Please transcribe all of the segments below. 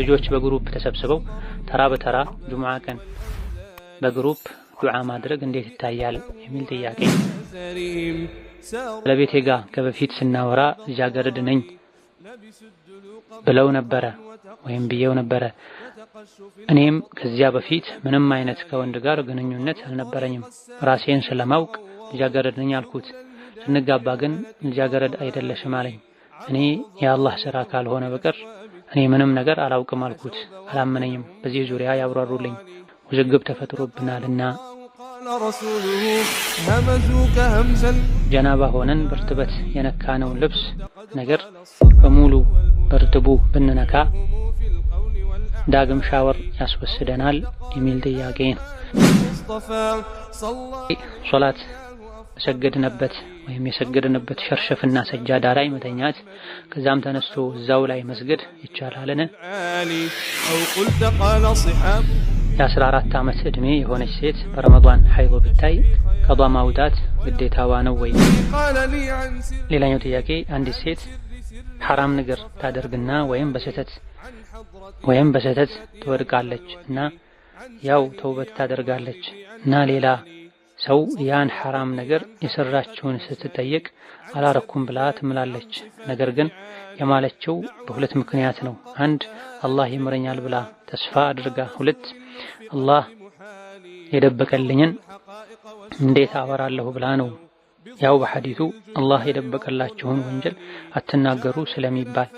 ልጆች በግሩፕ ተሰብስበው ተራ በተራ ጁምዓ ቀን በግሩፕ ዱዓ ማድረግ እንዴት ይታያል የሚል ጥያቄ። ለቤቴ ጋር ከበፊት ስናወራ ልጃገረድ ነኝ ብለው ነበረ ወይም ብየው ነበረ። እኔም ከዚያ በፊት ምንም አይነት ከወንድ ጋር ግንኙነት አልነበረኝም። ራሴን ስለማውቅ ልጃገረድ ነኝ አልኩት። ስንጋባ ግን ልጃገረድ አይደለሽም አለኝ። እኔ የአላህ ስራ ካልሆነ በቀር እኔ ምንም ነገር አላውቅም አልኩት። አላመነኝም። በዚህ ዙሪያ ያብራሩልኝ። ውዝግብ ተፈጥሮብናልና ጀናባ ሆነን በርትበት የነካነውን ልብስ ነገር በሙሉ በርትቡ ብንነካ ዳግም ሻወር ያስወስደናል የሚል ጥያቄ ነው። ሶላት ሰገድነበት ወይም የሰገድንበት ሸርሸፍና ሰጃዳ ላይ መተኛት ከዛም ተነስቶ እዛው ላይ መስገድ ይቻላልን? የአስራ አራት ዓመት ዕድሜ የሆነች ሴት በረመዷን ሀይሎ ብታይ ቀዷ ማውጣት ግዴታዋ ነው ወይ? ሌላኛው ጥያቄ አንዲት ሴት ሐራም ነገር ታደርግና ወይም በስህተት ወይም በስህተት ትወድቃለች እና ያው ተውበት ታደርጋለች እና ሌላ ሰው ያን ሐራም ነገር የሰራችውን ስትጠየቅ አላረኩም ብላ ትምላለች። ነገር ግን የማለችው በሁለት ምክንያት ነው። አንድ አላህ ይምረኛል ብላ ተስፋ አድርጋ፣ ሁለት አላህ የደበቀልኝን እንዴት አበራለሁ ብላ ነው። ያው በሐዲቱ አላህ የደበቀላችሁን ወንጀል አትናገሩ ስለሚባል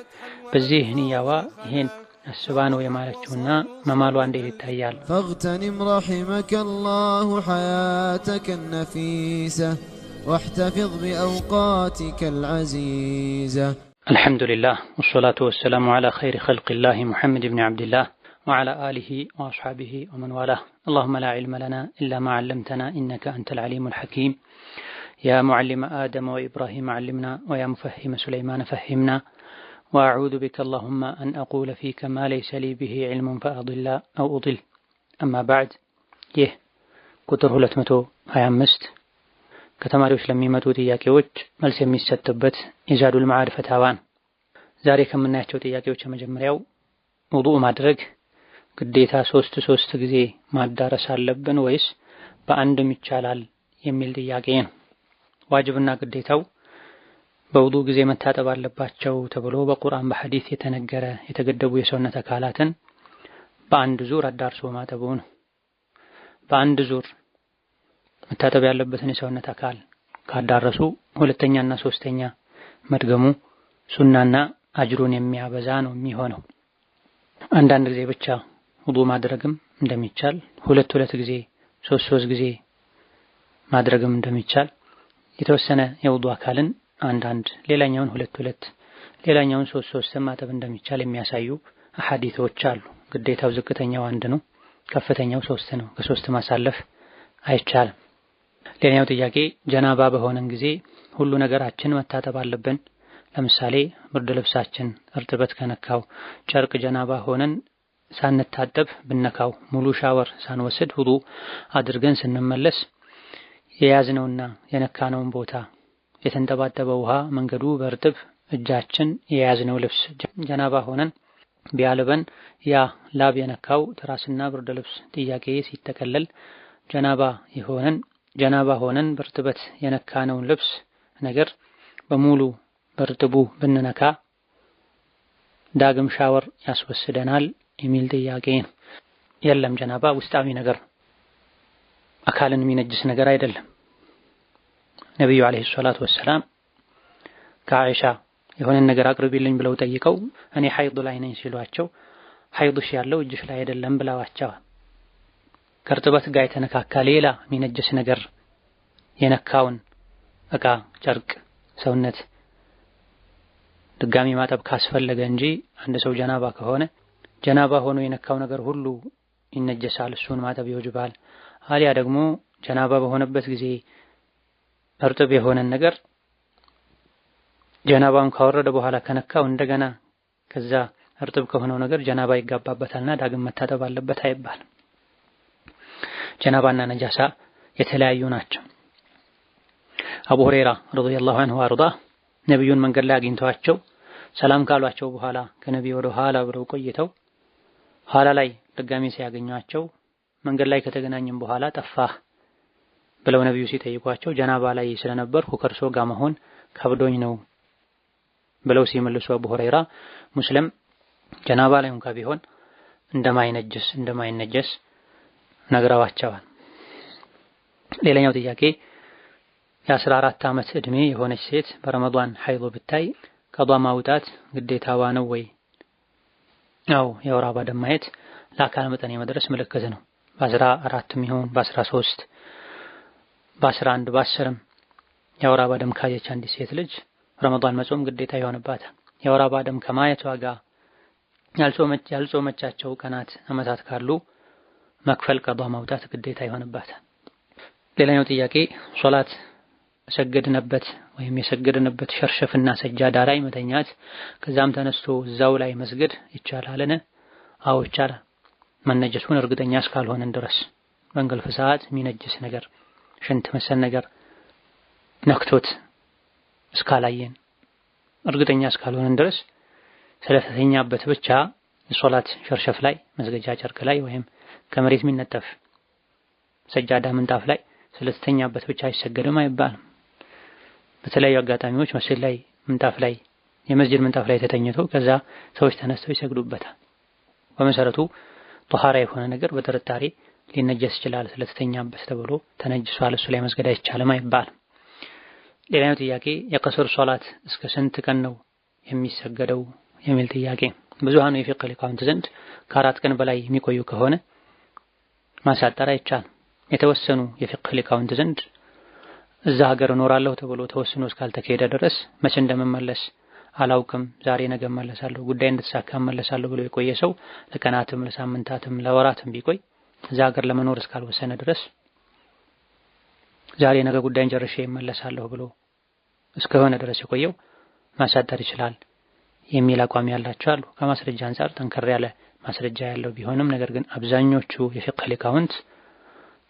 በዚህ ንያዋ ይሄን እሱ ነው ما مالو عندي ይታያል? فاغتنم رحمك الله حياتك النفيسة واحتفظ بأوقاتك العزيزة الحمد لله والصلاة والسلام على خير خلق الله محمد بن عبد الله وعلى آله وأصحابه ومن والاه اللهم لا علم لنا إلا ما علمتنا إنك أنت العليم الحكيم يا معلم آدم وإبراهيم علمنا ويا مفهم سليمان فهمنا وأعوذ بك اللهم أن أقول فيك ما ليس لي به علم فأضل أو أضل أما بعد ይህ ቁጥር 225 ከተማሪዎች ለሚመጡ ጥያቄዎች መልስ የሚሰጥበት የዛዱል መዓድ ፈታዋ ነው። ዛሬ ከምናያቸው ጥያቄዎች የመጀመሪያው ውዱእ ማድረግ ግዴታ ሶስት ሶስት ጊዜ ማዳረስ አለብን ወይስ በአንድም ይቻላል የሚል ጥያቄ ነው። ዋጅብና ግዴታው በውዱ ጊዜ መታጠብ አለባቸው ተብሎ በቁርአን በሐዲስ የተነገረ የተገደቡ የሰውነት አካላትን በአንድ ዙር አዳርሶ ማጠቡ ነው። በአንድ ዙር መታጠብ ያለበትን የሰውነት አካል ካዳረሱ ሁለተኛና ሶስተኛ መድገሙ ሱናና አጅሩን የሚያበዛ ነው የሚሆነው። አንዳንድ ጊዜ ብቻ ውዱ ማድረግም እንደሚቻል ሁለት ሁለት ጊዜ ሶስት ሶስት ጊዜ ማድረግም እንደሚቻል የተወሰነ የውዱ አካልን አንድ አንድ ሌላኛውን ሁለት ሁለት ሌላኛውን ሶስት ሶስት ማጠብ እንደሚቻል የሚያሳዩ አሐዲቶች አሉ። ግዴታው ዝቅተኛው አንድ ነው፣ ከፍተኛው ሶስት ነው። ከሶስት ማሳለፍ አይቻልም። ሌላኛው ጥያቄ ጀናባ በሆነን ጊዜ ሁሉ ነገራችን መታጠብ አለብን። ለምሳሌ ብርድ ልብሳችን እርጥበት ከነካው፣ ጨርቅ ጀናባ ሆነን ሳንታጠብ ብነካው፣ ሙሉ ሻወር ሳንወስድ ሁሉ አድርገን ስንመለስ የያዝነውና የነካነውን ቦታ የተንጠባጠበ ውሃ መንገዱ በእርጥብ እጃችን የያዝነው ልብስ ጀናባ ሆነን ቢያልበን ያ ላብ የነካው ትራስና ብርድ ልብስ ጥያቄ ሲጠቀለል ጀናባ የሆነን ጀናባ ሆነን በእርጥበት የነካነውን ልብስ ነገር በሙሉ በእርጥቡ ብንነካ ዳግም ሻወር ያስወስደናል የሚል ጥያቄ ነው። የለም ጀናባ ውስጣዊ ነገር አካልን የሚነጅስ ነገር አይደለም። ነቢዩ አለይሂ ሰላቱ ወሰላም ከአይሻ የሆነን ነገር አቅርቢልኝ ብለው ጠይቀው እኔ ሀይድ ላይ ነኝ ሲሏቸው ሀይድሽ ያለው እጅሽ ላይ አይደለም ብለዋቸዋል። ከእርጥበት ጋር የተነካካ ሌላ የሚነጀስ ነገር የነካውን እቃ፣ ጨርቅ፣ ሰውነት ድጋሚ ማጠብ ካስፈለገ እንጂ አንድ ሰው ጀናባ ከሆነ ጀናባ ሆኖ የነካው ነገር ሁሉ ይነጀሳል፣ እሱን ማጠብ ይወጅባል። አሊያ ደግሞ ጀናባ በሆነበት ጊዜ እርጥብ የሆነን ነገር ጀናባም ካወረደ በኋላ ከነካው እንደገና ከዛ እርጥብ ከሆነው ነገር ጀናባ ይጋባበታልና ዳግም መታጠብ አለበት አይባልም። ጀናባና ነጃሳ የተለያዩ ናቸው። አቡ ሁረይራ ረዲየላሁ አንሁ አርዳ ነቢዩን መንገድ ላይ አግኝተዋቸው ሰላም ካሏቸው በኋላ ከነቢዩ ወደ ኋላ ብለው ቆይተው ኋላ ላይ ድጋሚ ሲያገኟቸው መንገድ ላይ ከተገናኘም በኋላ ጠፋህ ብለው ነቢዩ ሲጠይቋቸው ጀናባ ላይ ስለነበርኩ ከእርሶ ጋር መሆን ከብዶኝ ነው ብለው ሲመልሱ አቡ ሁረይራ ሙስሊም ጀናባ ላይ እንኳ ቢሆን እንደማይነጀስ እንደማይነጀስ ነግረዋቸዋል። ሌላኛው ጥያቄ የአስራ አራት ዓመት ዕድሜ የሆነች ሴት በረመዷን ሀይሎ ብታይ ቀዷ ማውጣት ግዴታዋ ነው ወይ? አው የወር አበባ ደም ማየት ለአካል መጠን የመድረስ ምልክት ነው። በአስራ አራትም የሚሆን በአስራ ሶስት በአስራ አንድ በአስርም የወር ባደም ካየች አንዲት ሴት ልጅ ረመዷን መጾም ግዴታ ይሆንባታል። የወር ባደም ደም ከማየቷ ጋር ያልጾመቻቸው ቀናት አመታት ካሉ መክፈል ቀዷ ማውጣት ግዴታ ይሆንባታል። ሌላኛው ጥያቄ ሶላት ሰገድንበት ወይም የሰገድንበት ሸርሸፍና ሰጃዳ ላይ መተኛት ከዛም ተነስቶ እዛው ላይ መስገድ ይቻላልን? አዎ ይቻላል። መነጀሱን እርግጠኛ እስካልሆንን ድረስ በእንቅልፍ ሰዓት የሚነጅስ ነገር ሽንት መሰል ነገር ነክቶት እስካላየን እርግጠኛ እስካልሆነን ድረስ ስለተተኛበት ብቻ የሶላት ሸርሸፍ ላይ መስገጃ ጨርቅ ላይ ወይም ከመሬት የሚነጠፍ ሰጃዳ ምንጣፍ ላይ ስለተተኛበት ብቻ አይሰገድም አይባልም። በተለያዩ አጋጣሚዎች መስጂድ ላይ ምንጣፍ ላይ የመስጂድ ምንጣፍ ላይ ተተኝቶ ከዛ ሰዎች ተነስተው ይሰግዱበታል። በመሰረቱ ጧሃራ የሆነ ነገር በጥርጣሬ ሊነጀስ ይችላል ስለተኛበት ተብሎ ተነጅሷል እሱ ላይ መስገድ አይቻልም አይባልም። ሌላኛው ጥያቄ የቀስር ሶላት እስከ ስንት ቀን ነው የሚሰገደው የሚል ጥያቄ። ብዙሃኑ የፊቅህ ሊቃውንት ዘንድ ከአራት ቀን በላይ የሚቆዩ ከሆነ ማሳጠር አይቻልም። የተወሰኑ የፊቅህ ሊቃውንት ዘንድ እዛ ሀገር እኖራለሁ ተብሎ ተወስኖ እስካልተካሄደ ድረስ መቼ እንደምመለስ አላውቅም፣ ዛሬ ነገ እመለሳለሁ፣ ጉዳይ እንድትሳካ እመለሳለሁ ብሎ የቆየ ሰው ለቀናትም ለሳምንታትም ለወራትም ቢቆይ እዛ ሀገር ለመኖር እስካልወሰነ ድረስ ዛሬ ነገ ጉዳይን ጨርሼ ይመለሳለሁ ብሎ እስከሆነ ድረስ የቆየው ማሳደር ይችላል የሚል አቋም ያላቸው አሉ። ከማስረጃ አንጻር ጠንከር ያለ ማስረጃ ያለው ቢሆንም ነገር ግን አብዛኞቹ የፊቅህ ሊቃውንት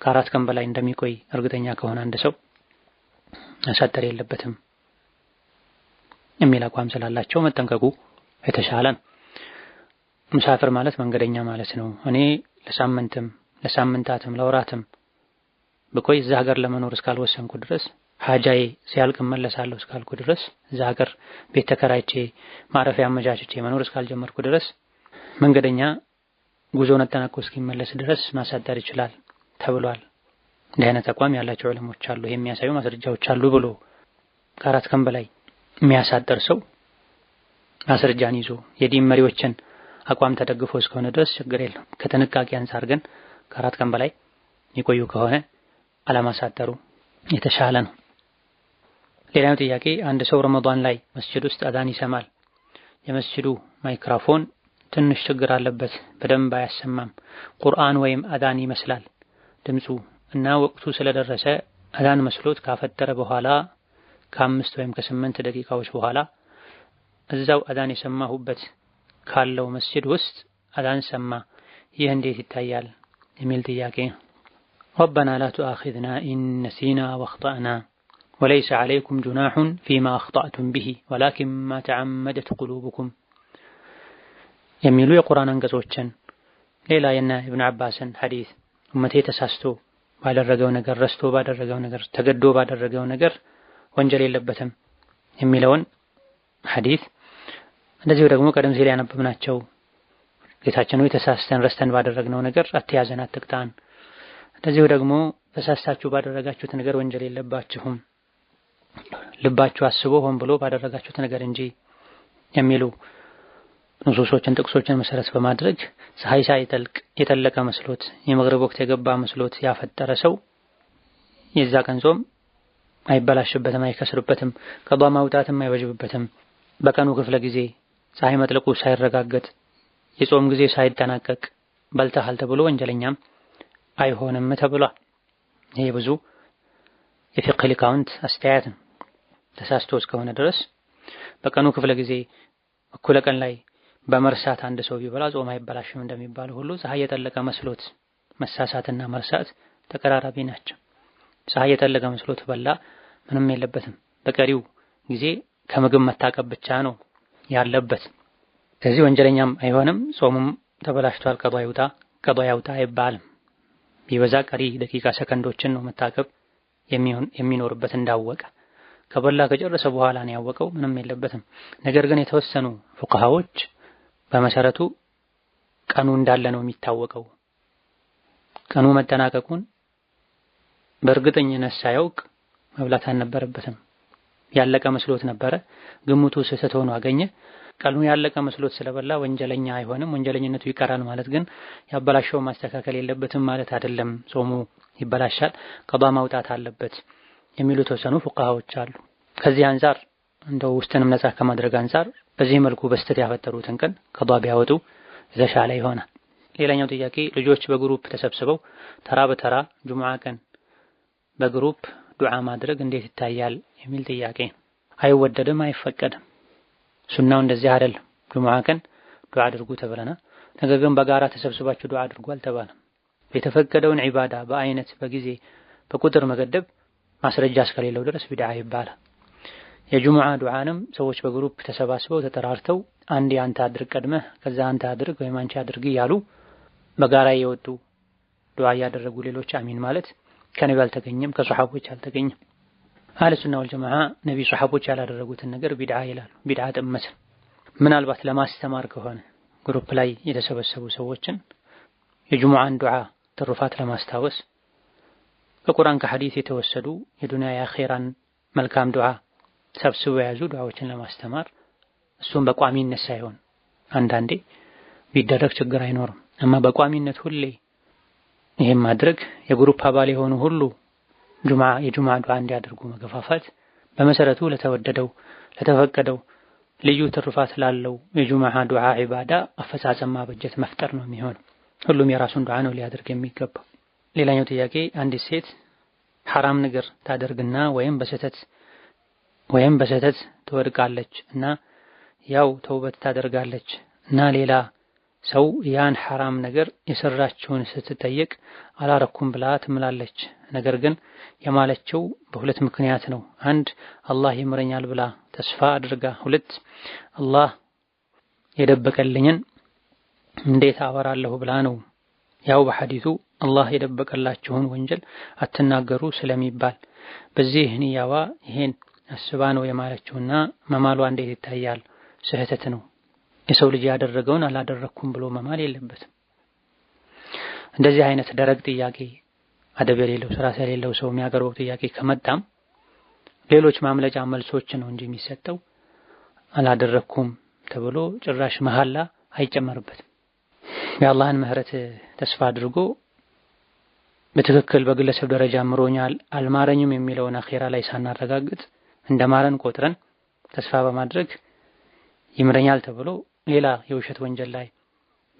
ከአራት ቀን በላይ እንደሚቆይ እርግጠኛ ከሆነ አንድ ሰው ማሳደር የለበትም የሚል አቋም ስላላቸው መጠንቀቁ የተሻለ ነው። ሙሳፍር ማለት መንገደኛ ማለት ነው። እኔ ለሳምንትም ለሳምንታትም ለወራትም በቆይ እዛ ሀገር ለመኖር እስካልወሰንኩ ድረስ ሀጃዬ ሲያልቅ መለሳለሁ እስካልኩ ድረስ እዛ ሀገር ቤት ተከራይቼ ማረፊያ አመቻችቼ መኖር እስካልጀመርኩ ድረስ መንገደኛ ጉዞውን አጠናቆ እስኪመለስ ድረስ ማሳደር ይችላል ተብሏል። እንዲህ አይነት አቋም ያላቸው ዕለሞች አሉ። ይሄ የሚያሳዩ ማስረጃዎች አሉ ብሎ ከአራት ቀን በላይ የሚያሳደር ሰው ማስረጃን ይዞ የዲን መሪዎችን አቋም ተደግፎ እስከሆነ ድረስ ችግር የለም። ከጥንቃቄ አንጻር ግን ከአራት ቀን በላይ የሚቆዩ ከሆነ አለማሳጠሩ የተሻለ ነው። ሌላኛው ጥያቄ አንድ ሰው ረመዷን ላይ መስጅድ ውስጥ አዛን ይሰማል። የመስጅዱ ማይክሮፎን ትንሽ ችግር አለበት፣ በደንብ አያሰማም። ቁርአን ወይም አዛን ይመስላል ድምፁ እና ወቅቱ ስለደረሰ አዛን መስሎት ካፈጠረ በኋላ ከአምስት ወይም ከስምንት ደቂቃዎች በኋላ እዛው አዛን የሰማሁበት ካለው መስጅድ ውስጥ አዛን ሰማ። ይህ እንዴት ይታያል? የሚል ጥያቄ ረበና ላ ቱአኺዝና ኢን ነሲና ወለይሰ ዐለይኩም ጁናሑን ፊማ አኽጠዕቱም ቢሂ ወላኪን ማ ተዓመደት ቁሉብኩም የሚሉ የቁርአን አንቀጾችን ሌላ የነ ኢብኑ አባስን ሐዲስ እመቴ ተሳስቶ ባደረገው ነገር ረስቶ ባደረገው ነገር ተገዶ ባደረገው ነገር ወንጀል የለበትም የሚለውን ሐዲስ እንደዚሁ ደግሞ ቀደም ሲል ያነበብናቸው ጌታችን ሆይ ተሳስተን ረስተን ባደረግነው ነገር አትያዘን፣ አትቅጣን። እንደዚሁ ደግሞ ተሳስታችሁ ባደረጋችሁት ነገር ወንጀል የለባችሁም፣ ልባችሁ አስቦ ሆን ብሎ ባደረጋችሁት ነገር እንጂ የሚሉ ንሱሶችን ጥቅሶችን መሰረት በማድረግ ፀሐይ ሳይጠልቅ የጠለቀ መስሎት የመግረብ ወቅት የገባ መስሎት ያፈጠረ ሰው የዛ ቀን ጾም አይበላሽበትም፣ አይከስርበትም፣ ቀዷ ማውጣትም አይወጅብበትም። በቀኑ ክፍለ ጊዜ ፀሐይ መጥለቁ ሳይረጋገጥ የጾም ጊዜ ሳይጠናቀቅ በልተሃል ተብሎ ወንጀለኛም አይሆንም ተብሏል። ይሄ ብዙ የፊቅህ ሊቃውንት አስተያየት ነው። ተሳስቶ እስከሆነ ድረስ በቀኑ ክፍለ ጊዜ እኩለ ቀን ላይ በመርሳት አንድ ሰው ቢበላ ጾም አይበላሽም እንደሚባለው ሁሉ ፀሐይ የጠለቀ መስሎት መሳሳትና መርሳት ተቀራራቢ ናቸው። ፀሐይ የጠለቀ መስሎት በላ ምንም የለበትም። በቀሪው ጊዜ ከምግብ መታቀብ ብቻ ነው ያለበት። ከዚህ ወንጀለኛም አይሆንም፣ ጾሙም ተበላሽቷል። ቀዷ ይውጣ ቀዷ ያውጣ አይባልም። ቢበዛ ቀሪ ደቂቃ ሰከንዶችን ነው መታቀብ የሚኖርበት እንዳወቀ ከበላ ከጨረሰ በኋላ ነው ያወቀው፣ ምንም የለበትም። ነገር ግን የተወሰኑ ፉቅሃዎች በመሰረቱ ቀኑ እንዳለ ነው የሚታወቀው። ቀኑ መጠናቀቁን በእርግጠኝነት ሳያውቅ መብላት አልነበረበትም። ያለቀ መስሎት ነበረ፣ ግምቱ ስህተት ሆኖ አገኘ። ቀልሙ ያለቀ መስሎት ስለበላ ወንጀለኛ አይሆንም፣ ወንጀለኝነቱ ይቀራል ማለት ግን ያበላሸው ማስተካከል የለበትም ማለት አይደለም። ጾሙ ይበላሻል፣ ቀባ ማውጣት አለበት የሚሉ ተወሰኑ ፉቃሃዎች አሉ። ከዚህ አንጻር እንደው ውስጥንም ነጻ ከማድረግ አንጻር በዚህ መልኩ በስተት ያፈጠሩትን ቀን ቀባ ቢያወጡ የተሻለ ይሆናል። ሌላኛው ጥያቄ ልጆች በግሩፕ ተሰብስበው ተራ በተራ ጁምዓ ቀን በግሩፕ ዱዓ ማድረግ እንዴት ይታያል የሚል ጥያቄ። አይወደድም፣ አይፈቀድም። ሱናው እንደዚህ አይደለም። ጁሙዓ ቀን ዱዓ አድርጉ ተብለና ነገር ግን በጋራ ተሰብስባችሁ ዱዓ አድርጉ አልተባለም። የተፈቀደውን ዒባዳ በአይነት በጊዜ በቁጥር መገደብ ማስረጃ እስከሌለው ድረስ ቢድዓ ይባላል። የጁሙዓ ዱዓንም ሰዎች በግሩፕ ተሰባስበው ተጠራርተው አንድ አንተ አድርግ ቀድመህ ከዛ አንተ አድርግ ወይም አንቺ አድርግ እያሉ በጋራ እየወጡ ዱዓ እያደረጉ ሌሎች አሚን ማለት ከነቢ አልተገኘም፣ ከሰሓቦች አልተገኘም። አህለ ሱና ወልጀማዓ ነቢ ሰሓቦች ያላደረጉትን ነገር ቢድዓ ይላሉ። ቢድዓ ጥመትን ምናልባት ለማስተማር ከሆነ ግሩፕ ላይ የተሰበሰቡ ሰዎችን የጅሙዓን ዱዓ ትሩፋት ለማስታወስ ከቁርአን ከሐዲስ የተወሰዱ የዱንያ የአኼራን መልካም ዱዓ ሰብስበው የያዙ ዱዓዎችን ለማስተማር እሱም በቋሚነት ሳይሆን አንዳንዴ ቢደረግ ችግር አይኖርም። እማ በቋሚነት ሁሌ ይህም ማድረግ የግሩፕ አባል የሆኑ ሁሉ ጁማ የጁማ ዱዓ እንዲያደርጉ መገፋፋት በመሰረቱ ለተወደደው ለተፈቀደው ልዩ ትሩፋት ላለው የጁማ ዱዓ ዒባዳ አፈጻጸም ማበጀት መፍጠር ነው የሚሆን። ሁሉም የራሱን ዱዓ ነው ሊያደርግ የሚገባው። ሌላኛው ጥያቄ አንዲት ሴት ሐራም ነገር ታደርግና ወይም በስህተት ወይም በስህተት ትወድቃለች እና ያው ተውበት ታደርጋለች እና ሌላ ሰው ያን ሐራም ነገር የሰራችውን ስትጠየቅ አላረኩም ብላ ትምላለች። ነገር ግን የማለችው በሁለት ምክንያት ነው። አንድ አላህ ይምረኛል ብላ ተስፋ አድርጋ፣ ሁለት አላህ የደበቀልኝን እንዴት አበራለሁ ብላ ነው። ያው በሐዲቱ አላህ የደበቀላችሁን ወንጀል አትናገሩ ስለሚባል በዚህ ንያዋ ይሄን አስባ ነው የማለችውና መማሏ እንዴት ይታያል? ስህተት ነው። የሰው ልጅ ያደረገውን አላደረግኩም ብሎ መማል የለበትም። እንደዚህ አይነት ደረቅ ጥያቄ አደብ የሌለው ስራ የሌለው ሰው የሚያቀርበው ጥያቄ ከመጣም ሌሎች ማምለጫ መልሶች ነው እንጂ የሚሰጠው አላደረግኩም ተብሎ ጭራሽ መሐላ አይጨመርበትም። የአላህን ምህረት ተስፋ አድርጎ በትክክል በግለሰብ ደረጃ ምሮኛል አልማረኝም የሚለውን አኼራ ላይ ሳናረጋግጥ እንደማረን ቆጥረን ተስፋ በማድረግ ይምረኛል ተብሎ ሌላ የውሸት ወንጀል ላይ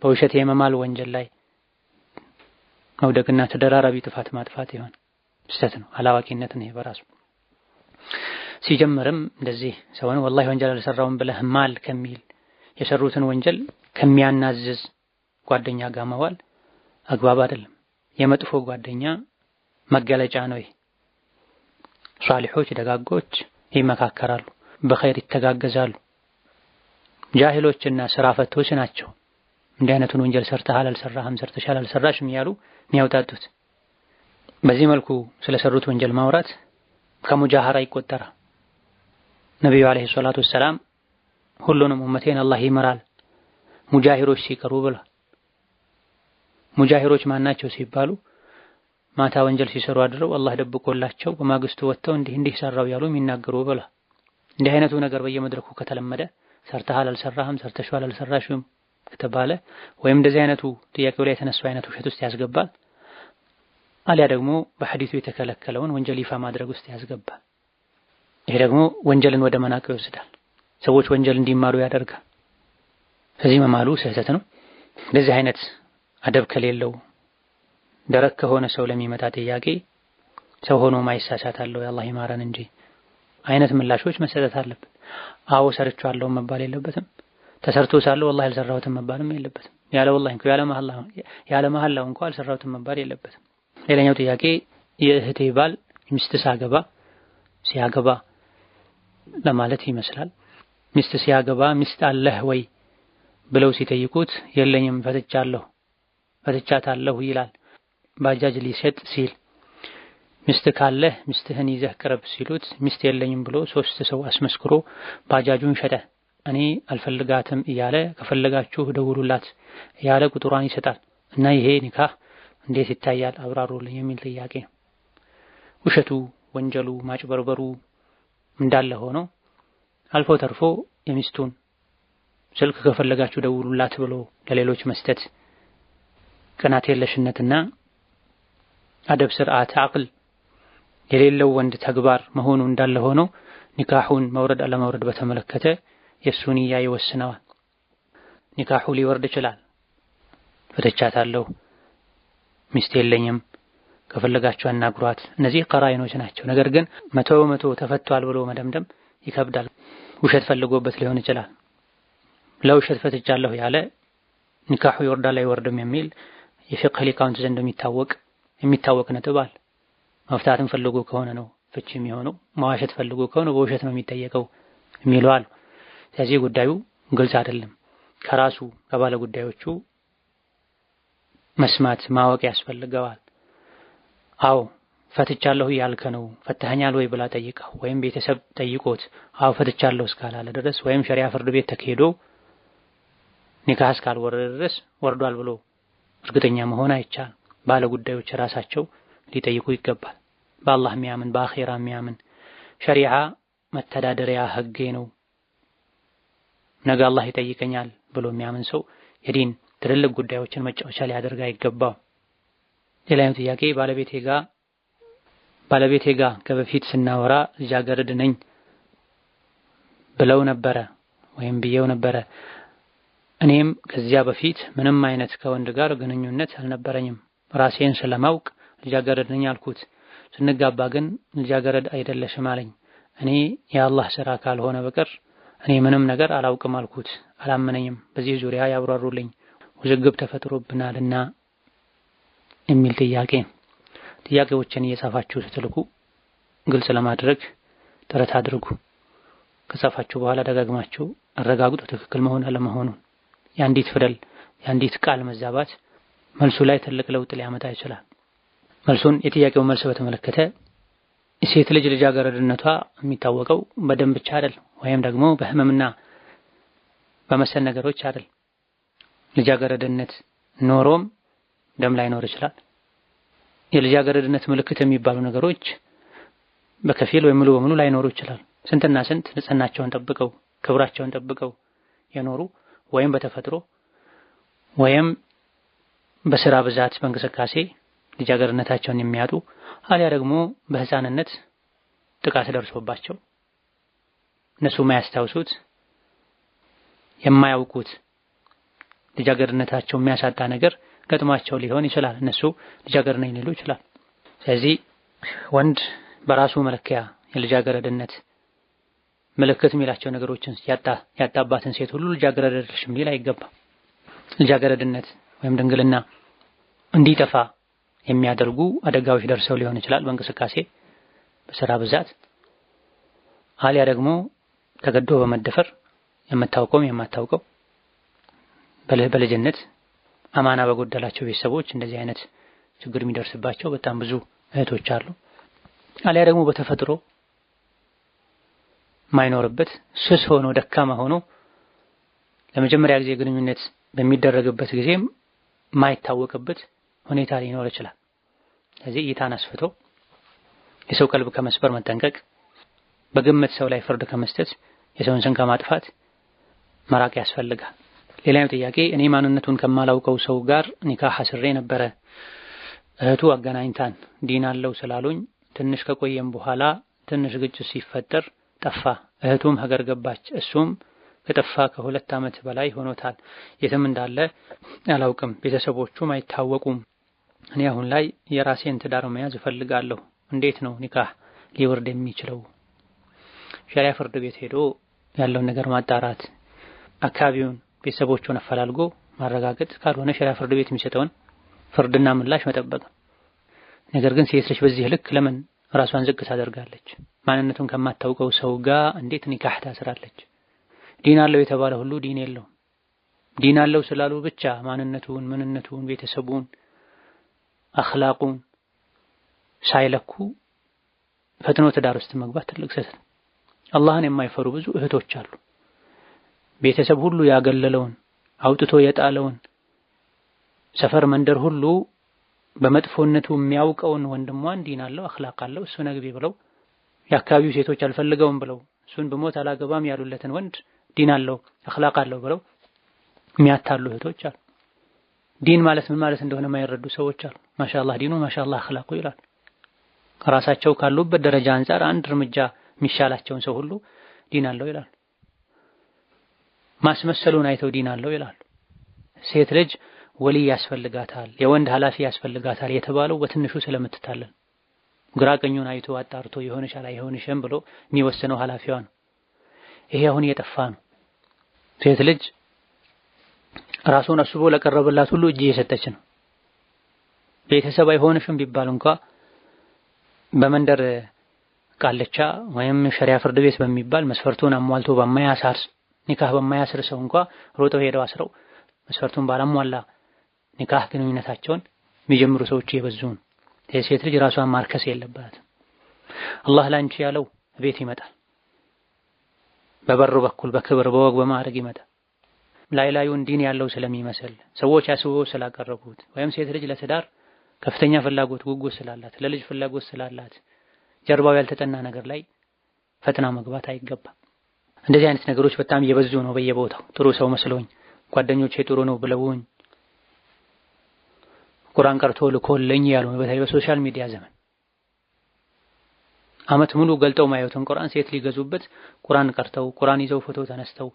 በውሸት የመማል ወንጀል ላይ መውደቅና ተደራራቢ ጥፋት ማጥፋት ይሆን ስህተት ነው። አላዋቂነት ነው በራሱ ሲጀምርም እንደዚህ ሰውን ወላሂ ወንጀል አልሰራውም ብለህ ማል ከሚል የሰሩትን ወንጀል ከሚያናዝዝ ጓደኛ ጋር መዋል አግባብ አይደለም። የመጥፎ ጓደኛ መገለጫ ነው። ሷሊሖች ደጋጎች ይመካከራሉ፣ በኸይር ይተጋገዛሉ። ጃሂሎችና ስራ ፈቶች ናቸው። እንዲህ አይነቱን ወንጀል ሰርተሃል፣ አልሰራህም፣ ሰርተሻል፣ አልሰራሽም እያሉ የሚያውጣጡት። በዚህ መልኩ ስለሰሩት ወንጀል ማውራት ከሙጃሃራ ይቆጠራል። ነቢዩ አለይሂ ሰላቱ ወሰላም ሁሉንም ኡመቴን አላህ ይመራል ሙጃሂሮች ሲቀሩ ብሏል። ሙጃሂሮች ማናቸው ሲባሉ ማታ ወንጀል ሲሰሩ አድረው አላህ ደብቆላቸው በማግስቱ ወጥተው እንዲህ እንዲህ ሰራው ያሉ የሚናገሩ ብሏል። እንዲህ አይነቱ ነገር በየመድረኩ ከተለመደ ሰርተሃል አልሰራህም፣ ሰርተሽዋል አልሰራሽም ከተባለ ወይም እንደዚህ አይነቱ ጥያቄው ላይ የተነሱ አይነት ውሸት ውስጥ ያስገባል። አሊያ ደግሞ በሐዲሱ የተከለከለውን ወንጀል ይፋ ማድረግ ውስጥ ያስገባል። ይሄ ደግሞ ወንጀልን ወደ መናቅ ይወስዳል። ሰዎች ወንጀል እንዲማሩ ያደርጋል። ስለዚህ መማሉ ስህተት ነው። እንደዚህ አይነት አደብ ከሌለው ደረቅ ከሆነ ሰው ለሚመጣ ጥያቄ ሰው ሆኖ ማይሳሳት አለው። የአላህ ይማረን እንጂ አይነት ምላሾች መሰጠት አለበት። አዎ ሰርቻለሁ መባል የለበትም። ተሰርቶ ሳለ ወላሂ አልሰራሁትም መባልም የለበትም። ያለ ወላሂ እንኳን ያለ መሐላ ያለ መሐላው እንኳን አልሰራሁትም መባል የለበትም። ሌላኛው ጥያቄ የእህቴ ባል ሚስት ሳገባ ሲያገባ ለማለት ይመስላል። ሚስት ሲያገባ ሚስት አለህ ወይ ብለው ሲጠይቁት የለኝም ፈትቻለሁ ፈትቻታለሁ ይላል። ባጃጅ ሊሸጥ ሲል ሚስት ካለህ ሚስትህን ይዘህ ቅረብ ሲሉት ሚስት የለኝም ብሎ ሶስት ሰው አስመስክሮ ባጃጁን ሸጠ። እኔ አልፈልጋትም እያለ ከፈለጋችሁ ደውሉላት እያለ ቁጥሯን ይሰጣል እና ይሄ ኒካህ እንዴት ይታያል አብራሩልኝ የሚል ጥያቄ ነው። ውሸቱ፣ ወንጀሉ፣ ማጭበርበሩ እንዳለ ሆኖ አልፎ ተርፎ የሚስቱን ስልክ ከፈለጋችሁ ደውሉላት ብሎ ለሌሎች መስጠት ቅናት የለሽነትና አደብ፣ ስርዓት፣ አቅል የሌለው ወንድ ተግባር መሆኑ እንዳለ ሆኖ ኒካሑን መውረድ አለመውረድ በተመለከተ የእሱ ንያ ይወስነዋል። ኒካሑ ሊወርድ ይችላል። ፈተቻታለሁ፣ ሚስት የለኝም፣ ከፈለጋችሁ አናግሯት። እነዚህ ቀራይኖች ናቸው። ነገር ግን መቶ በመቶ ተፈቷል ብሎ መደምደም ይከብዳል። ውሸት ፈልጎበት ሊሆን ይችላል። ለውሸት ፈትቻለሁ ያለ ኒካሑ ይወርዳል አይወርድም የሚል የፊቅህ ሊቃውንት ዘንድ የሚታወቅ የሚታወቅ ነጥብ አለ። መፍታትም ፈልጎ ከሆነ ነው ፍች የሚሆነው፣ መዋሸት ፈልጎ ከሆነ በውሸት ነው የሚጠየቀው የሚለዋል። ስለዚህ ጉዳዩ ግልጽ አይደለም። ከራሱ ከባለ ጉዳዮቹ መስማት ማወቅ ያስፈልገዋል። አዎ ፈትቻለሁ እያልከ ነው ፈታኸኛል ወይ ብላ ጠይቀህ ወይም ቤተሰብ ጠይቆት አዎ ፈትቻለሁ እስካላለ ድረስ ወይም ሸሪያ ፍርድ ቤት ተካሄዶ ኒካህ እስካልወረደ ድረስ ወርዷል ብሎ እርግጠኛ መሆን አይቻል። ባለ ጉዳዮች ራሳቸው ሊጠይቁ ይገባል። በአላህ የሚያምን በአኼራ የሚያምን ሸሪዓ መተዳደሪያ ህጌ ነው፣ ነገ አላህ ይጠይቀኛል ብሎ የሚያምን ሰው የዲን ትልልቅ ጉዳዮችን መጫወቻ ሊያደርግ አይገባው። ሌላኛው ጥያቄ ባለቤቴ ጋ ባለቤቴ ጋር ከበፊት ስናወራ ልጃገረድ ነኝ ብለው ነበረ ወይም ብየው ነበረ። እኔም ከዚያ በፊት ምንም አይነት ከወንድ ጋር ግንኙነት አልነበረኝም ራሴን ስለማውቅ ልጃገረድ ነኝ አልኩት። ስንጋባ ግን ልጃገረድ አይደለሽም አለኝ። እኔ የአላህ ስራ ካልሆነ በቀር እኔ ምንም ነገር አላውቅም አልኩት። አላመነኝም። በዚህ ዙሪያ ያብራሩልኝ፣ ውዝግብ ተፈጥሮብናልና የሚል ጥያቄ። ጥያቄዎችን እየጻፋችሁ ስትልኩ ግልጽ ለማድረግ ጥረት አድርጉ። ከጻፋችሁ በኋላ ደጋግማችሁ አረጋግጡ ትክክል መሆን አለመሆኑን። የአንዲት ፊደል የአንዲት ቃል መዛባት መልሱ ላይ ትልቅ ለውጥ ሊያመጣ ይችላል። መልሱን የጥያቄውን መልስ በተመለከተ ሴት ልጅ ልጃገረድነቷ የሚታወቀው በደም ብቻ አይደል፣ ወይም ደግሞ በህመምና በመሰል ነገሮች አይደል። ልጃገረድነት ኖሮም ደም ላይኖር ይችላል። የልጃገረድነት ምልክት የሚባሉ ነገሮች በከፊል ወይም ሙሉ በሙሉ ላይኖሩ ይችላል። ስንትና ስንት ንጽህናቸውን ጠብቀው ክብራቸውን ጠብቀው የኖሩ ወይም በተፈጥሮ ወይም በስራ ብዛት በእንቅስቃሴ ልጃገርነታቸውን የሚያጡ አሊያ ደግሞ በህፃንነት ጥቃት ደርሶባቸው እነሱ የማያስታውሱት የማያውቁት ልጃገርነታቸው የሚያሳጣ ነገር ገጥሟቸው ሊሆን ይችላል። እነሱ ልጃገር ነኝ ሊሉ ይችላል። ስለዚህ ወንድ በራሱ መለኪያ የልጃገረድነት ምልክት የሚላቸው ነገሮችን ያጣባትን ሴት ሁሉ ልጃገረድ አይደለሽም ሊል አይገባም። ልጃገረድነት ወይም ድንግልና እንዲጠፋ የሚያደርጉ አደጋዎች ደርሰው ሊሆን ይችላል። በእንቅስቃሴ በስራ ብዛት፣ አሊያ ደግሞ ተገዶ በመደፈር የምታውቀውም የማታውቀው በልጅነት አማና በጎደላቸው ቤተሰቦች እንደዚህ አይነት ችግር የሚደርስባቸው በጣም ብዙ እህቶች አሉ። አሊያ ደግሞ በተፈጥሮ የማይኖርበት ስስ ሆኖ ደካማ ሆኖ ለመጀመሪያ ጊዜ ግንኙነት በሚደረግበት ጊዜም ማይታወቅበት ሁኔታ ሊኖር ይችላል። ስለዚህ እይታን አስፍቶ የሰው ቀልብ ከመስበር መጠንቀቅ፣ በግምት ሰው ላይ ፍርድ ከመስጠት፣ የሰውን ስም ከማጥፋት መራቅ ያስፈልጋል። ሌላኛው ጥያቄ እኔ ማንነቱን ከማላውቀው ሰው ጋር ኒካህ አስሬ ነበረ። እህቱ አገናኝታን ዲን አለው ስላሉኝ ትንሽ ከቆየም በኋላ ትንሽ ግጭት ሲፈጠር ጠፋ። እህቱም ሀገር ገባች። እሱም ከጠፋ ከሁለት ዓመት በላይ ሆኖታል። የትም እንዳለ አላውቅም። ቤተሰቦቹም አይታወቁም። እኔ አሁን ላይ የራሴን ትዳር መያዝ እፈልጋለሁ፣ እንዴት ነው ኒካህ ሊወርድ የሚችለው? ሸሪያ ፍርድ ቤት ሄዶ ያለውን ነገር ማጣራት፣ አካባቢውን ቤተሰቦቹን አፈላልጎ ማረጋገጥ፣ ካልሆነ ሸሪያ ፍርድ ቤት የሚሰጠውን ፍርድና ምላሽ መጠበቅ። ነገር ግን ሴት ልጅ በዚህ ልክ ለምን ራሷን ዝቅ ታደርጋለች? ማንነቱን ከማታውቀው ሰው ጋር እንዴት ኒካህ ታስራለች? ዲን አለው የተባለ ሁሉ ዲን የለውም። ዲን አለው ስላሉ ብቻ ማንነቱን፣ ምንነቱን፣ ቤተሰቡን አኽላቁን ሳይለኩ ፈጥኖ ትዳር ውስጥ መግባት ትልቅ ስህተት አላህን የማይፈሩ ብዙ እህቶች አሉ። ቤተሰብ ሁሉ ያገለለውን አውጥቶ የጣለውን ሰፈር መንደር ሁሉ በመጥፎነቱ የሚያውቀውን ወንድሟን ዲን አለው አኽላቅ አለው እሱን አግቢ ብለው የአካባቢው ሴቶች አልፈልገውም ብለው እሱን በሞት አላገባም ያሉለትን ወንድ ዲን አለው አኽላቅ አለው ብለው የሚያታሉ እህቶች አሉ። ዲን ማለት ምን ማለት እንደሆነ የማይረዱ ሰዎች አሉ። ማሻአላህ ዲኑ ማሻአላህ አኽላቁ ይላሉ። ራሳቸው ካሉበት ደረጃ አንጻር አንድ እርምጃ የሚሻላቸውን ሰው ሁሉ ዲን አለው ይላል። ማስመሰሉን አይተው ዲን አለው ይላሉ። ሴት ልጅ ወልይ ያስፈልጋታል፣ የወንድ ኃላፊ ያስፈልጋታል የተባለው በትንሹ ስለምትታለን ግራ ቀኙን አይቶ አጣርቶ ይሆንሻል አይሆንሽም ብሎ የሚወስነው ኃላፊዋ ነው። ይሄ አሁን እየጠፋ ነው። ሴት ልጅ ራሱን አስቦ ለቀረበላት ሁሉ እጅ እየሰጠች ነው። ቤተሰብ አይሆንሽም ቢባል እንኳ በመንደር ቃልቻ ወይም ሸሪያ ፍርድ ቤት በሚባል መስፈርቱን አሟልቶ በማያሳር ኒካህ በማያስር ሰው እንኳ ሮጠው ሄደው አስረው መስፈርቱን ባላሟላ ኒካህ ግንኙነታቸውን የሚጀምሩ ሰዎች እየበዙ ነው። የሴት ልጅ ራሷን ማርከስ የለባትም። አላህ ላንቺ ያለው ቤት ይመጣል። በበሩ በኩል በክብር በወግ በማዕረግ ይመጣል። ላይ ላዩን ዲን ያለው ስለሚመስል ሰዎች አስበው ስላቀረቡት ወይም ሴት ልጅ ለትዳር ከፍተኛ ፍላጎት ጉጉት ስላላት ለልጅ ፍላጎት ስላላት ጀርባው ያልተጠና ነገር ላይ ፈጥና መግባት አይገባም። እንደዚህ አይነት ነገሮች በጣም እየበዙ ነው በየቦታው። ጥሩ ሰው መስሎኝ ጓደኞቼ ጥሩ ነው ብለውኝ ቁርአን ቀርቶ ልኮልኝ ያሉ በተለይ በሶሻል ሚዲያ ዘመን አመት ሙሉ ገልጠው ማየቱን ቁርአን ሴት ሊገዙበት ቁርአን ቀርተው ቁርአን ይዘው ፎቶ ተነስተው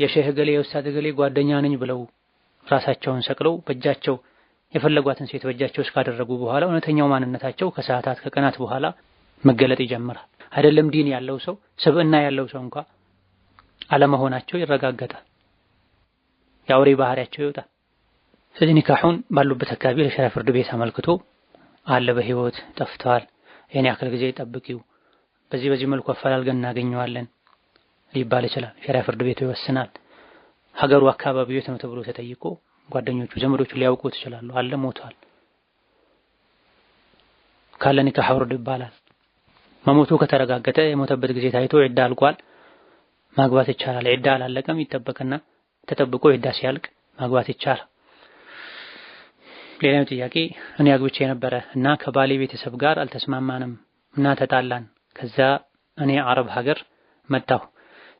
የሼህ ገሌ የውስታዝ ገሌ ጓደኛ ነኝ ብለው ራሳቸውን ሰቅለው በእጃቸው የፈለጓትን ሴት በእጃቸው እስካደረጉ በኋላ እውነተኛው ማንነታቸው ከሰዓታት ከቀናት በኋላ መገለጥ ይጀምራል። አይደለም ዲን ያለው ሰው ስብዕና ያለው ሰው እንኳ አለመሆናቸው ይረጋገጣል። የአውሬ ባህሪያቸው ይወጣል። ስለዚህ ኒካሁን ባሉበት አካባቢ ለሸሪዓ ፍርድ ቤት አመልክቶ አለ በህይወት ጠፍተዋል፣ የኔ ያክል ጊዜ ጠብቂው፣ በዚህ በዚህ መልኩ አፈላልገን እናገኘዋለን ሊባል ይችላል። ሸሪያ ፍርድ ቤቱ ይወስናል። ሀገሩ አካባቢው የት ነው ተብሎ ተጠይቆ ጓደኞቹ ዘመዶቹ ሊያውቁት ይችላሉ። አለ ሞቷል ካለ ኒካህ አውርድ ይባላል። መሞቱ ከተረጋገጠ የሞተበት ጊዜ ታይቶ ዒዳ አልቋል፣ ማግባት ይቻላል። ዒዳ አላለቀም፣ ይጠበቅና ተጠብቆ ዒዳ ሲያልቅ ማግባት ይቻላል። ሌላኛው ጥያቄ እኔ አግብቼ የነበረ እና ከባሌ ቤተሰብ ጋር አልተስማማንም እና ተጣላን። ከዛ እኔ አረብ ሀገር መጣሁ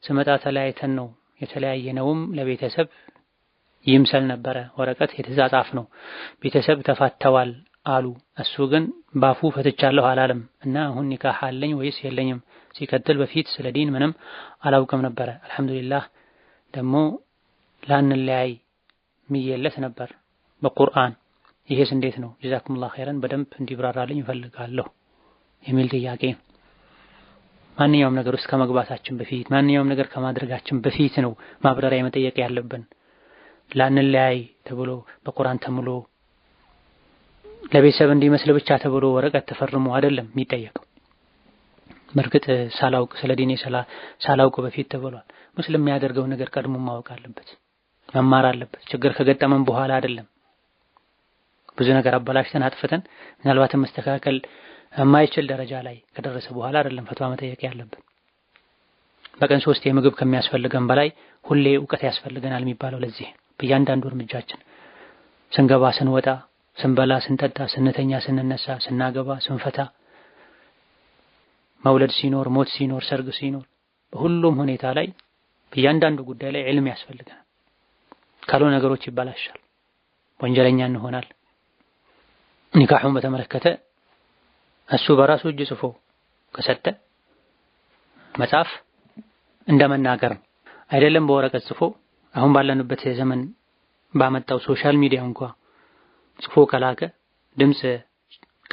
ስመጣ ተለያይተን ነው የተለያየ ነውም ለቤተሰብ ይምሰል ነበረ። ወረቀት የተጻጻፍ ነው። ቤተሰብ ተፋተዋል አሉ። እሱ ግን ባፉ ፈትቻለሁ አላለም እና አሁን ኒካህ አለኝ ወይስ የለኝም? ሲቀጥል በፊት ስለ ዲን ምንም አላውቅም ነበረ። አልሐምዱሊላህ ደግሞ ላንለያይ ምየለት ነበር በቁርአን። ይሄስ እንዴት ነው? ጀዛኩሙላህ ኸይረን በደንብ እንዲብራራልኝ እፈልጋለሁ የሚል ጥያቄ ማንኛውም ነገር ውስጥ ከመግባታችን በፊት ማንኛውም ነገር ከማድረጋችን በፊት ነው ማብራሪያ መጠየቅ ያለብን። ላንለያይ ተብሎ በቁርአን ተምሎ ለቤተሰብ እንዲመስል ብቻ ተብሎ ወረቀት ተፈርሞ አይደለም የሚጠየቀው። በእርግጥ ሳላውቅ ስለ ዲኔ ሳላውቅ በፊት ተብሏል። ሙስሊም የሚያደርገው ነገር ቀድሞ ማወቅ አለበት፣ መማር አለበት። ችግር ከገጠመን በኋላ አይደለም ብዙ ነገር አበላሽተን አጥፍተን ምናልባትም መስተካከል የማይችል ደረጃ ላይ ከደረሰ በኋላ አይደለም ፈትዋ መጠየቅ ያለብን። በቀን ሶስት የምግብ ከሚያስፈልገን በላይ ሁሌ እውቀት ያስፈልገናል የሚባለው ለዚህ በእያንዳንዱ እርምጃችን ስንገባ፣ ስንወጣ፣ ስንበላ፣ ስንጠጣ፣ ስንተኛ፣ ስንነሳ፣ ስናገባ፣ ስንፈታ፣ መውለድ ሲኖር፣ ሞት ሲኖር፣ ሰርግ ሲኖር፣ በሁሉም ሁኔታ ላይ በእያንዳንዱ ጉዳይ ላይ ዕልም ያስፈልገናል። ካልሆነ ነገሮች ይበላሻል፣ ወንጀለኛ እንሆናል። ኒካሑን በተመለከተ እሱ በራሱ እጅ ጽፎ ከሰጠ መጻፍ እንደ መናገር አይደለም በወረቀት ጽፎ አሁን ባለንበት ዘመን ባመጣው ሶሻል ሚዲያ እንኳ ጽፎ ከላከ ድምፅ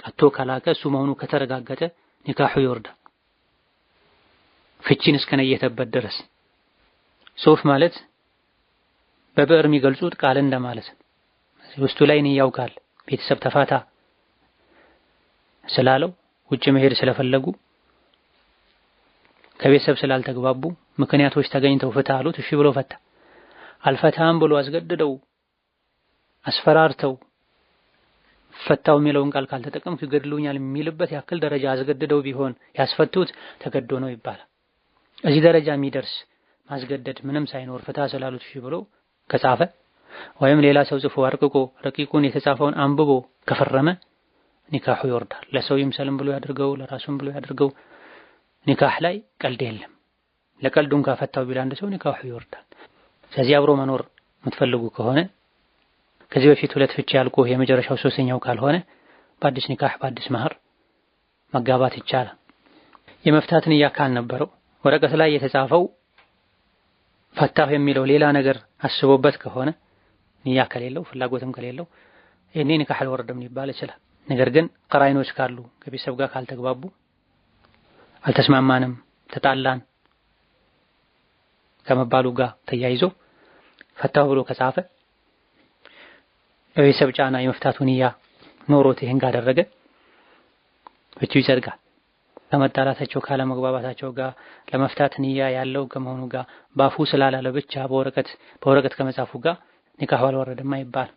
ቀጥቶ ከላከ እሱ መሆኑ ከተረጋገጠ ኒካሑ ይወርዳል። ፍቺን እስከነየተበት ድረስ ጽሁፍ ማለት በብዕር የሚገልጹት ቃል እንደማለት ነው። ውስጡ ላይ ንያው ቤተሰብ ተፋታ ስላለው ውጭ መሄድ ስለፈለጉ ከቤተሰብ ስላልተግባቡ ምክንያቶች ተገኝተው ፍታ አሉት። እሺ ብሎ ፈታ። አልፈታም ብሎ አስገድደው አስፈራርተው ፈታው የሚለውን ቃል ካልተጠቀምክ ይገድሉኛል የሚልበት ያክል ደረጃ አስገድደው ቢሆን ያስፈቱት ተገዶ ነው ይባላል። እዚህ ደረጃ የሚደርስ ማስገደድ ምንም ሳይኖር ፍታ ስላሉት እሺ ብሎ ከጻፈ ወይም ሌላ ሰው ጽፎ አርቅቆ ረቂቁን የተጻፈውን አንብቦ ከፈረመ ኒካሁ ይወርዳል። ለሰው ይምሰልም ብሎ ያድርገው ለራሱም ብሎ ያድርገው ኒካህ ላይ ቀልድ የለም። ለቀልዱን ካፈታው ቢል አንድ ሰው ኒካሁ ይወርዳል። ስለዚህ አብሮ መኖር የምትፈልጉ ከሆነ ከዚህ በፊት ሁለት ፍቺ ያልኩ የመጨረሻው ሶስተኛው ካልሆነ በአዲስ ኒካህ በአዲስ መህር መጋባት ይቻላል። የመፍታትን እያካል ነበረው ወረቀት ላይ የተጻፈው ፈታሁ የሚለው ሌላ ነገር አስቦበት ከሆነ ንያ ከሌለው ፍላጎትም ከሌለው ይሄኔ ኒካህ አልወረደም ሊባል ይችላል። ነገር ግን ቀራይኖች ካሉ ከቤተሰብ ጋር ካልተግባቡ አልተስማማንም፣ ተጣላን ከመባሉ ጋር ተያይዞ ፈታሁ ብሎ ከጻፈ በቤተሰብ ጫና የመፍታት ንያ ኖሮት ይህን ካደረገ ፍቺ ይጸድቃል። ከመጣላታቸው ካለመግባባታቸው ጋር ለመፍታት ንያ ያለው ከመሆኑ ጋር ባፉ ስላላለ ብቻ በወረቀት በወረቀት ከመጻፉ ጋር ኒካህ አልወረደም አይባል።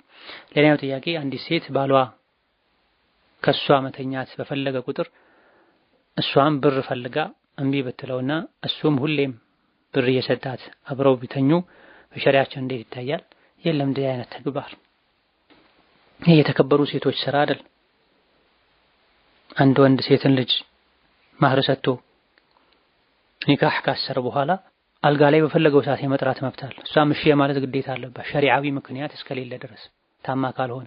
ሌላኛው ጥያቄ አንዲት ሴት ባሏ ከእሷ መተኛት በፈለገ ቁጥር እሷም ብር ፈልጋ እምቢ ብትለውና እሱም ሁሌም ብር እየሰጣት አብረው ቢተኙ በሸሪያችን እንዴት ይታያል? የለም እንዲህ አይነት ተግባር ይህ የተከበሩ ሴቶች ስራ አይደል። አንድ ወንድ ሴትን ልጅ ማህር ሰጥቶ ኒካህ ካሰር በኋላ አልጋ ላይ በፈለገው ሰዓት የመጥራት መብት አለ። እሷም እሺ የማለት ግዴታ አለባት ሸሪዓዊ ምክንያት እስከሌለ ድረስ ታማ ካልሆነ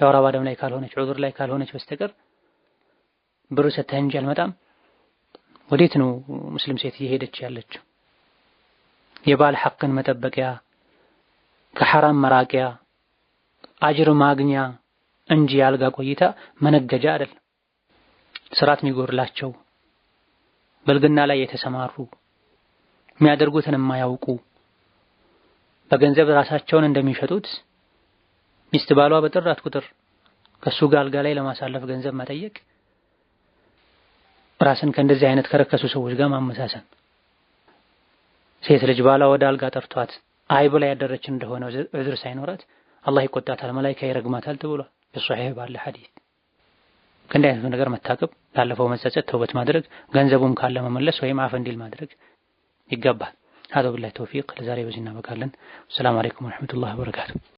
ያው ባደም አደም ላይ ካልሆነች ዑዙር ላይ ካልሆነች በስተቀር ብር ሰተህ እንጂ አልመጣም። ወዴት ነው ሙስሊም ሴት እየሄደች ያለችው? የባል ሐቅን መጠበቂያ ከሐራም መራቂያ አጅር ማግኛ እንጂ ያልጋ ቆይታ መነገጃ አይደል። ስርዓት የሚጎርላቸው በልግና ላይ የተሰማሩ የሚያደርጉትን የማያውቁ በገንዘብ ራሳቸውን እንደሚሸጡት ሚስት ባሏ በጠራት ቁጥር ከሱ ጋር አልጋ ላይ ለማሳለፍ ገንዘብ መጠየቅ፣ ራስን ከእንደዚህ አይነት ከረከሱ ሰዎች ጋር ማመሳሰል፣ ሴት ልጅ ባሏ ወደ አልጋ ጠርቷት አይ ብላ ያደረች እንደሆነ እዝር ሳይኖራት አላህ ይቆጣታል፣ መላኢካ ይረግማታል ተብሏል በሶሒህ ባለ ሐዲስ። ከእንዲህ አይነቱ ነገር መታቀብ፣ ላለፈው መጸጸት፣ ተውበት ማድረግ፣ ገንዘቡም ካለ መመለስ ወይም አፍ እንዲል ማድረግ ይገባል። ሀዛ ቢላሂ ተውፊቅ። ለዛሬ በዚህ እናበቃለን። ሰላም አለይኩም ወረሕመቱላሂ ወበረካቱ።